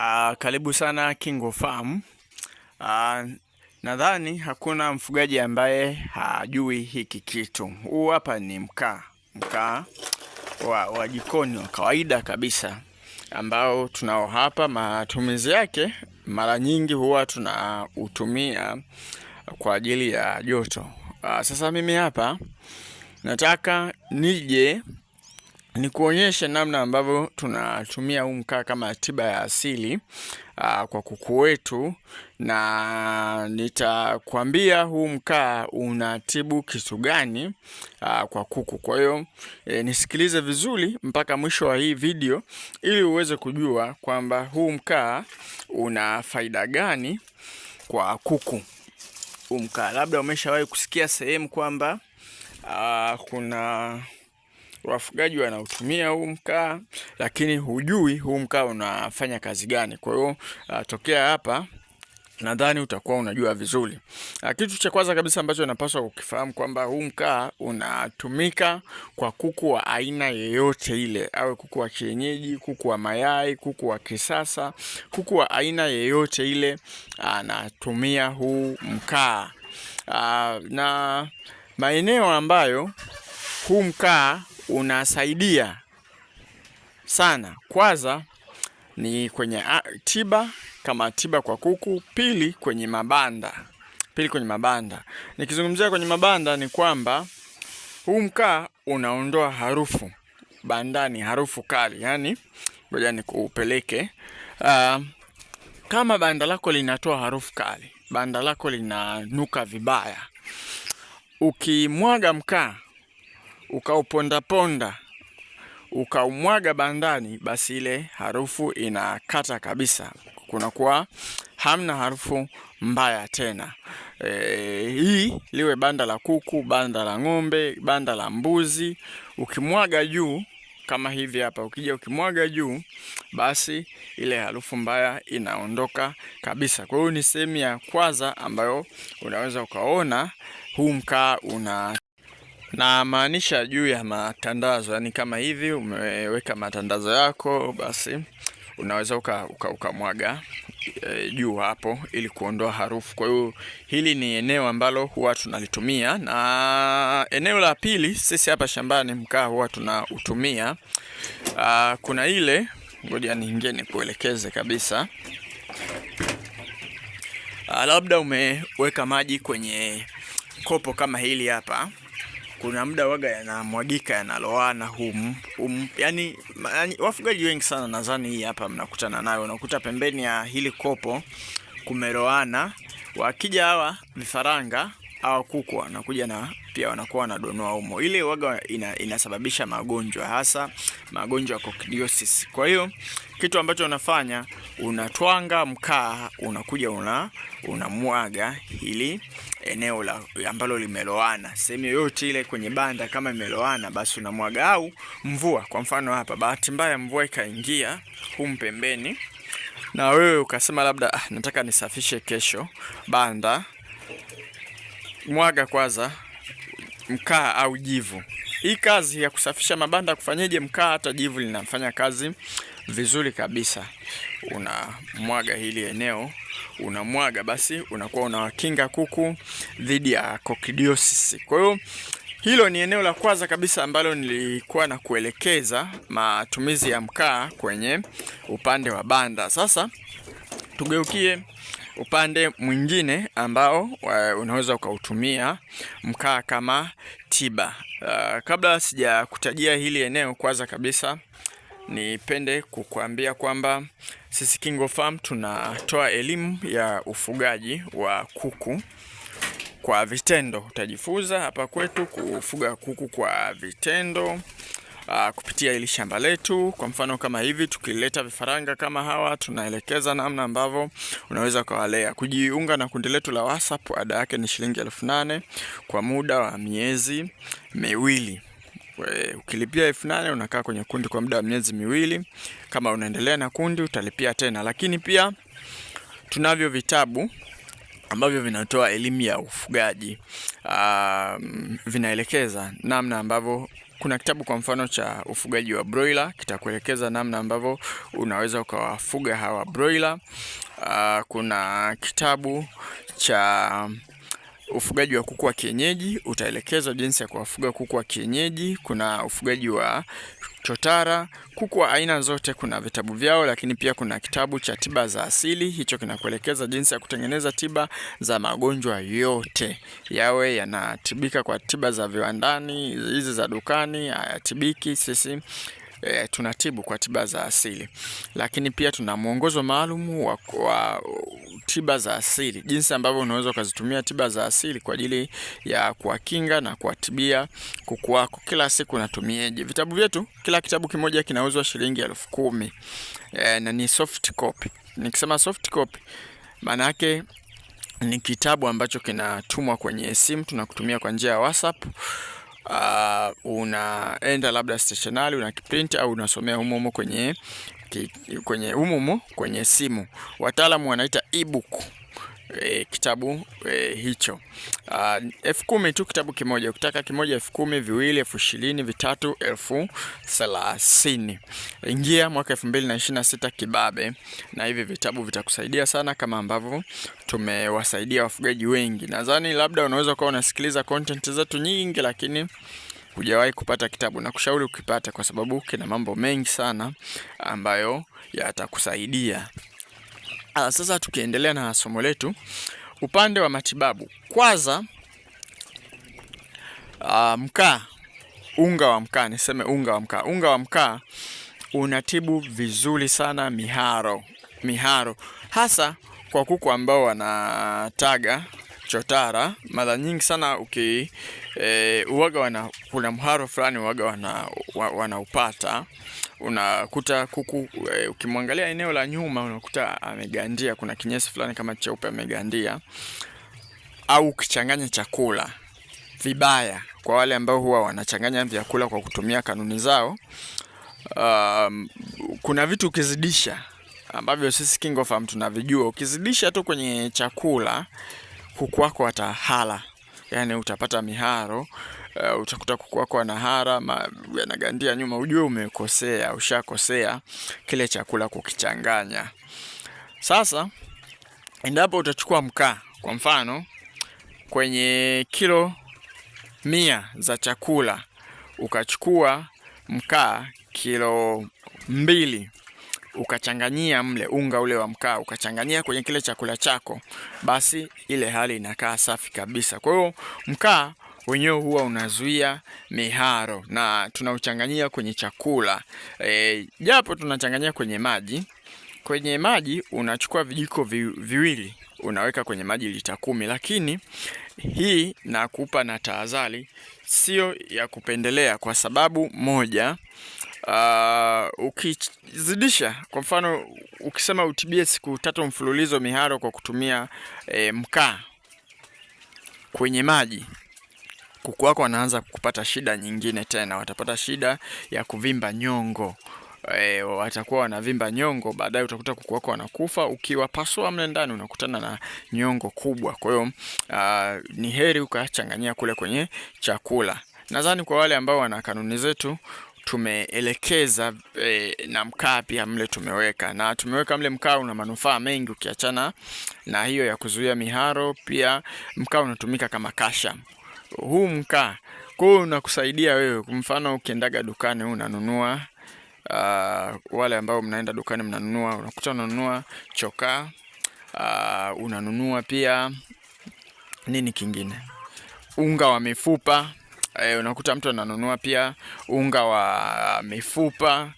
Uh, karibu sana Kingo Farm. Uh, nadhani hakuna mfugaji ambaye hajui hiki kitu. Huu hapa ni mkaa, mkaa wa, wa jikoni wa kawaida kabisa ambao tunao hapa. Matumizi yake mara nyingi huwa tunautumia kwa ajili ya joto. Uh, sasa mimi hapa nataka nije ni kuonyesha namna ambavyo tunatumia huu mkaa kama tiba ya asili aa, ah, kwa kuku wetu, na nitakwambia huu mkaa unatibu kitu gani aa, ah, kwa kuku. Kwa hiyo e, nisikilize vizuri mpaka mwisho wa hii video ili uweze kujua kwamba huu mkaa una faida gani kwa kuku. Huu mkaa labda umeshawahi kusikia sehemu kwamba ah, kuna wafugaji wanautumia huu mkaa, lakini hujui huu mkaa unafanya kazi gani. Kwa hiyo uh, tokea hapa nadhani utakuwa unajua vizuri. Ah, kitu cha kwanza kabisa ambacho unapaswa kukifahamu kwamba huu mkaa unatumika kwa kuku wa aina yeyote ile, awe kuku wa kienyeji, kuku wa mayai, kuku wa kisasa, kuku wa aina yeyote ile anatumia huu mkaa ah, na maeneo ambayo huu mkaa unasaidia sana. Kwanza ni kwenye tiba kama tiba kwa kuku, pili kwenye mabanda. Pili kwenye mabanda, nikizungumzia kwenye mabanda ni kwamba huu mkaa unaondoa harufu bandani, harufu kali. Yani ngoja nikuupeleke. Uh, kama banda lako linatoa harufu kali, banda lako linanuka vibaya, ukimwaga mkaa ukaupondaponda ukaumwaga bandani, basi ile harufu inakata kabisa, kunakuwa hamna harufu mbaya tena. E, hii liwe banda la kuku, banda la ng'ombe, banda la mbuzi, ukimwaga juu kama hivi hapa, ukija ukimwaga juu, basi ile harufu mbaya inaondoka kabisa. Kwa hiyo ni sehemu ya kwanza ambayo unaweza ukaona huu mkaa una na maanisha juu ya matandazo, yani kama hivi umeweka matandazo yako, basi unaweza ukamwaga uka, uka e, juu hapo ili kuondoa harufu. Kwa hiyo hili ni eneo ambalo huwa tunalitumia, na eneo la pili sisi hapa shambani mkaa huwa tunautumia. Aa, kuna ile, ngoja niingie nikuelekeze kabisa. Aa, labda umeweka maji kwenye kopo kama hili hapa kuna muda waga yanamwagika yanaloana hum, hum. Yani, yani wafugaji wengi sana nadhani hii hapa mnakutana nayo, unakuta pembeni ya hili kopo kumeroana, wakija hawa vifaranga au kuku wanakuja na pia wanakuwa wanadonoa humo, ile waga ina, inasababisha magonjwa hasa magonjwa ya coccidiosis. Kwa hiyo kitu ambacho unafanya unatwanga mkaa, unakuja una unamwaga hili eneo la ambalo limeloana, sehemu yoyote ile kwenye banda kama imeloana, basi unamwaga au mvua. Kwa mfano hapa, bahati mbaya mvua ikaingia humu pembeni, na wewe ukasema labda ah, nataka nisafishe kesho banda mwaga kwanza mkaa au jivu. Hii kazi ya kusafisha mabanda kufanyeje? Mkaa hata jivu linafanya kazi vizuri kabisa. Unamwaga hili eneo, unamwaga basi, unakuwa unawakinga kuku dhidi ya kokidiosis. Kwa hiyo hilo ni eneo la kwanza kabisa ambalo nilikuwa na kuelekeza matumizi ya mkaa kwenye upande wa banda. Sasa tugeukie upande mwingine ambao unaweza ukautumia mkaa kama tiba. Uh, kabla sijakutajia hili eneo, kwanza kabisa nipende kukuambia kwamba sisi Kingo Farm tunatoa elimu ya ufugaji wa kuku kwa vitendo. Utajifunza hapa kwetu kufuga kuku kwa vitendo uh, kupitia hili shamba letu. Kwa mfano kama hivi tukileta vifaranga kama hawa, tunaelekeza namna ambavyo unaweza ukawalea. Kujiunga na kundi letu la WhatsApp, ada yake ni shilingi elfu nane kwa muda wa miezi miwili. We, ukilipia elfu nane unakaa kwenye kundi kwa muda wa miezi miwili. Kama unaendelea na kundi utalipia tena, lakini pia tunavyo vitabu ambavyo vinatoa elimu ya ufugaji um, vinaelekeza namna ambavyo kuna kitabu kwa mfano cha ufugaji wa broiler kitakuelekeza namna ambavyo unaweza ukawafuga hawa broiler. Uh, kuna kitabu cha ufugaji wa kuku wa kienyeji utaelekezwa jinsi ya kuwafuga kuku wa kienyeji. Kuna ufugaji wa chotara, kuku wa aina zote kuna vitabu vyao, lakini pia kuna kitabu cha tiba za asili. Hicho kinakuelekeza jinsi ya kutengeneza tiba za magonjwa yote, yawe yanatibika kwa tiba za viwandani, hizi za dukani, hayatibiki sisi e, tunatibu kwa tiba za asili, lakini pia tuna mwongozo maalum wa, wa tiba za asili, jinsi ambavyo unaweza ukazitumia tiba za asili kwa ajili ya kuwakinga na kuwatibia kuku wako. Kila siku Natumieje Vitabu vyetu, kila kitabu kimoja kinauzwa shilingi elfu kumi e, na ni soft copy. Nikisema soft copy maana yake ni kitabu ambacho kinatumwa kwenye simu, tunakutumia kwa njia ya WhatsApp uh, unaenda labda stationary una kiprint au unasomea humo kwenye, kwenye, humohumo kwenye simu. Wataalamu wanaita ebook e, kitabu e, hicho ah, elfu kumi tu kitabu kimoja. Ukitaka kimoja elfu kumi, viwili elfu ishirini, vitatu elfu thelathini. Ingia mwaka elfu mbili na ishirini na sita kibabe, na hivi vitabu vitakusaidia sana, kama ambavyo tumewasaidia wafugaji wengi. Nadhani labda unaweza ukawa unasikiliza content zetu nyingi, lakini hujawahi kupata kitabu na kushauri ukipata, kwa sababu kina mambo mengi sana ambayo yatakusaidia. Aa, sasa tukiendelea na somo letu upande wa matibabu, kwanza uh, mkaa, unga wa mkaa, niseme unga wa mkaa. Unga wa mkaa unatibu vizuri sana miharo, miharo hasa kwa kuku ambao wanataga chotara. Mara nyingi sana uki e, eh, uwaga wana, kuna mharo fulani uwaga wanaupata wana unakuta kuku e, ukimwangalia eneo la nyuma unakuta amegandia, kuna kinyesi fulani kama cheupe amegandia, au ukichanganya chakula vibaya, kwa wale ambao huwa wanachanganya vyakula kwa kutumia kanuni zao. Um, kuna vitu ukizidisha ambavyo sisi KingoFarm tunavijua, ukizidisha tu kwenye chakula kuku wako watahala, yani utapata miharo uh, utakuta kuku wako anahara anagandia nyuma, ujue umekosea, ushakosea kile chakula kukichanganya. Sasa endapo utachukua mkaa kwa mfano kwenye kilo mia za chakula ukachukua mkaa kilo mbili ukachanganyia mle unga ule wa mkaa ukachanganyia kwenye kile chakula chako, basi ile hali inakaa safi kabisa. Kwa hiyo mkaa wenyewe huwa unazuia miharo na tunauchanganyia kwenye chakula e, japo tunachanganyia kwenye maji. Kwenye maji unachukua vijiko vi, viwili unaweka kwenye maji lita kumi, lakini hii nakupa na tahadhari, sio ya kupendelea kwa sababu moja, uh, ukizidisha, kwa mfano ukisema utibie siku tatu mfululizo miharo kwa kutumia e, mkaa kwenye maji kuku wako wanaanza kupata shida nyingine tena, watapata shida ya kuvimba nyongo. E, watakuwa wanavimba nyongo, baadaye utakuta kuku wako wanakufa. Ukiwapasua mle ndani unakutana na nyongo kubwa. Kwa hiyo ni heri ukachanganyia kule kwenye chakula. Nadhani kwa wale ambao wana kanuni zetu tumeelekeza e, na mkaa pia mle tumeweka, na tumeweka mle mkaa una manufaa mengi ukiachana na hiyo ya kuzuia miharo. Pia mkaa unatumika kama kasha huu mkaa kwa hiyo unakusaidia wewe. Mfano ukiendaga dukani unanunua uh, wale ambao mnaenda dukani mnanunua, unakuta unanunua chokaa uh, unanunua pia nini kingine, unga wa mifupa eh, unakuta mtu ananunua pia unga wa mifupa.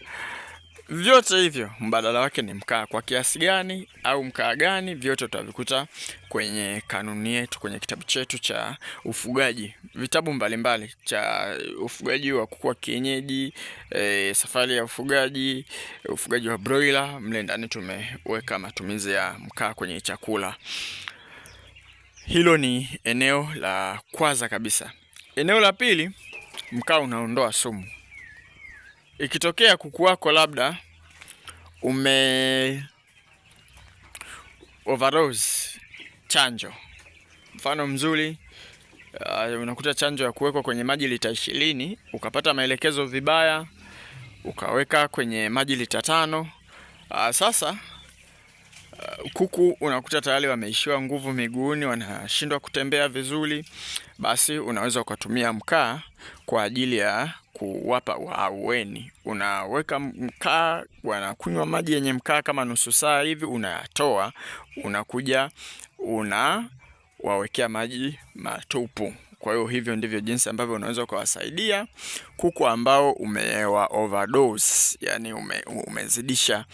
Vyote hivyo mbadala wake ni mkaa. Kwa kiasi gani au mkaa gani? Vyote utavikuta kwenye kanuni yetu, kwenye kitabu chetu cha ufugaji, vitabu mbalimbali mbali, cha ufugaji wa kuku wa kienyeji e, safari ya ufugaji, ufugaji wa broiler. Mle ndani tumeweka matumizi ya mkaa kwenye chakula. Hilo ni eneo la kwanza kabisa. Eneo la pili, mkaa unaondoa sumu ikitokea kuku wako labda ume overdose chanjo, mfano mzuri uh, unakuta chanjo ya kuwekwa kwenye maji lita ishirini, ukapata maelekezo vibaya ukaweka kwenye maji lita tano. Uh, sasa uh, kuku unakuta tayari wameishiwa nguvu miguuni, wanashindwa kutembea vizuri, basi unaweza ukatumia mkaa kwa ajili ya kuwapa waweni. Unaweka mkaa, wanakunywa maji yenye mkaa kama nusu saa hivi, unayatoa unakuja unawawekea maji matupu. Kwa hiyo hivyo ndivyo jinsi ambavyo unaweza ukawasaidia kuku ambao umeewa overdose, yani ume, umezidisha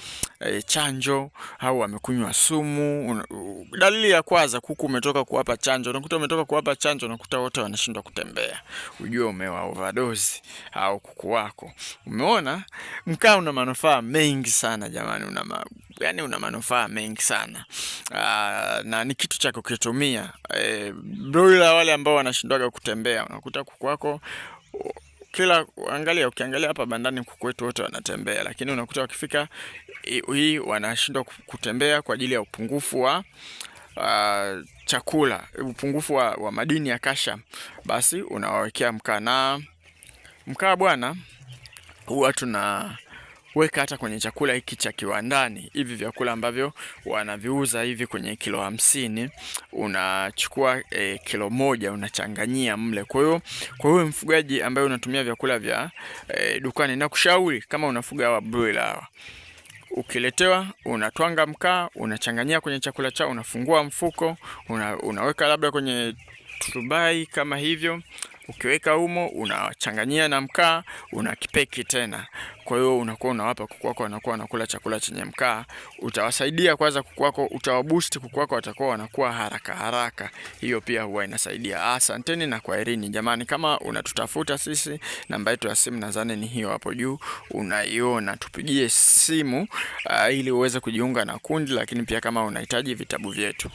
e, chanjo au wamekunywa sumu. Un, u, dalili ya kwanza kuku umetoka kuwapa chanjo, unakuta umetoka kuwapa chanjo, unakuta wote wanashindwa kutembea, ujue umewa overdose au kuku wako. Umeona, mkaa una manufaa mengi sana jamani, una ma, yani una manufaa mengi sana. Aa, ah, na ni kitu cha kukitumia e, broiler wale ambao wanashindwa unapendaga kutembea, unakuta kuku wako kila angalia, ukiangalia hapa bandani kuku wetu wote wanatembea, lakini unakuta wakifika hii wanashindwa kutembea kwa ajili ya upungufu wa uh, chakula, upungufu wa, wa madini ya kasha. Basi unawawekea mkaa na mkaa bwana, huwa tuna weka hata kwenye chakula hiki cha kiwandani, hivi vyakula ambavyo wanaviuza hivi kwenye kilo hamsini, unachukua e, kilo moja unachanganyia mle. Kwa hiyo kwa hiyo mfugaji ambaye unatumia vyakula vya e, dukani, na kushauri kama unafuga wa broiler hawa ukiletewa unatwanga mkaa, unachanganyia kwenye chakula chao, unafungua mfuko una, unaweka labda kwenye turubai kama hivyo, ukiweka humo unachanganyia na mkaa, una kipeki tena. Kwa hiyo unakuwa unawapa kuku wako, wanakuwa wanakula chakula chenye mkaa. Utawasaidia kwanza kuku wako, utawaboost kuku wako, watakuwa wanakuwa haraka haraka. Hiyo pia huwa inasaidia. Asanteni na kwaherini jamani. Kama unatutafuta sisi, namba yetu ya simu nadhani ni hiyo hapo juu unaiona, tupigie simu uh, ili uweze kujiunga na kundi, lakini pia kama unahitaji vitabu vyetu